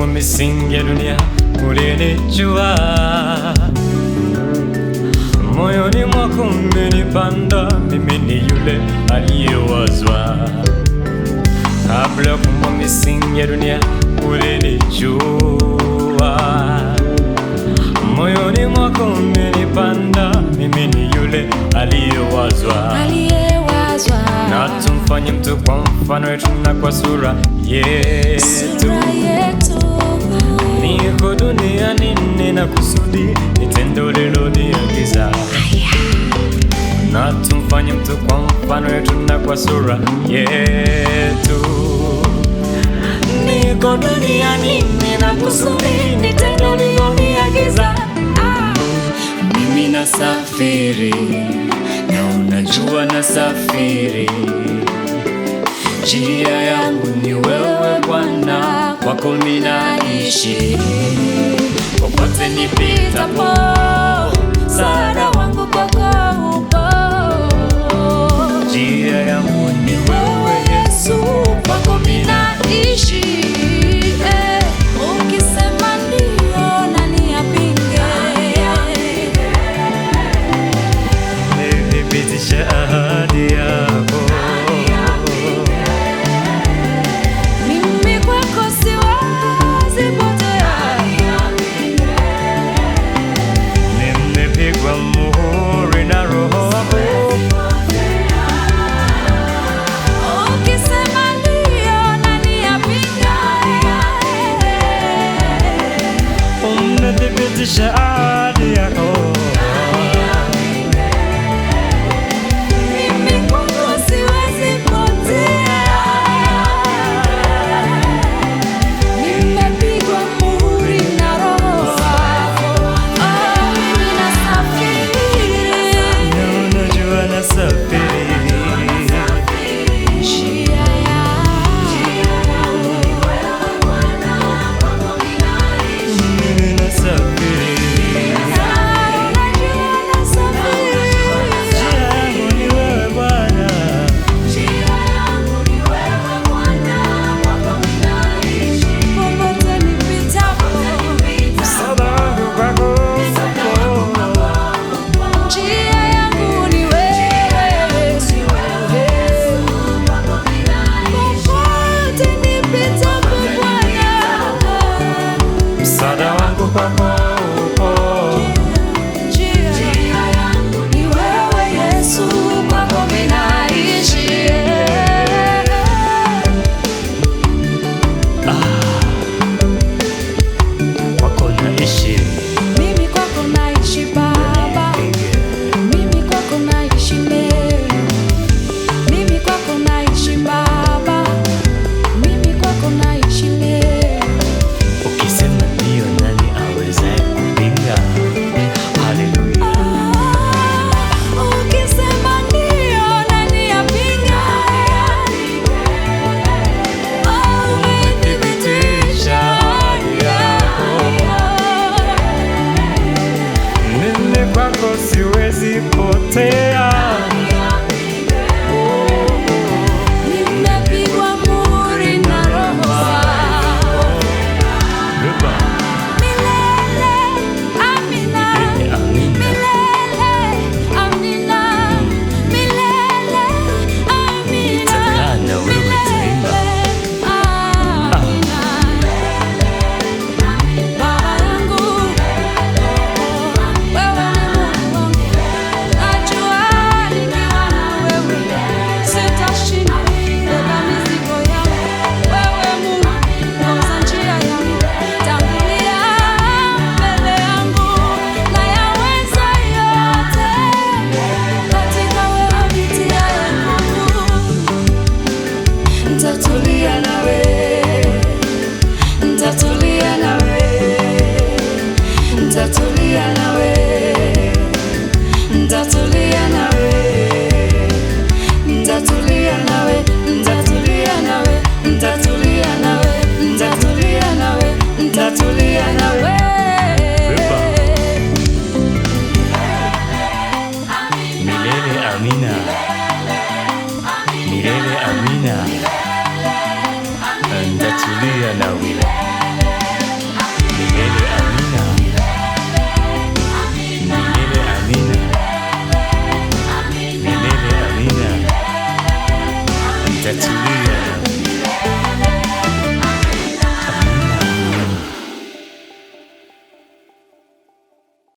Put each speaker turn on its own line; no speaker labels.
ya もミシンゲルニアこれにちは moyoni mwako mmenipanda mimi ni yule aliyewazwa kabla kumba misingi ya dunia ulilijua moyoni mwako mmenipanda mimi ni yule aliyewazwa na tumfanye mtu kwa mfano wetu na kwa sura yetu sura yetu.
Niko duniani ninakusubiri, tendo uliloniagiza ah.
mimi nasafiri, na unajua nasafiri, njia yangu ni wewe Bwana, kwako ninaishi,
popote nipitapo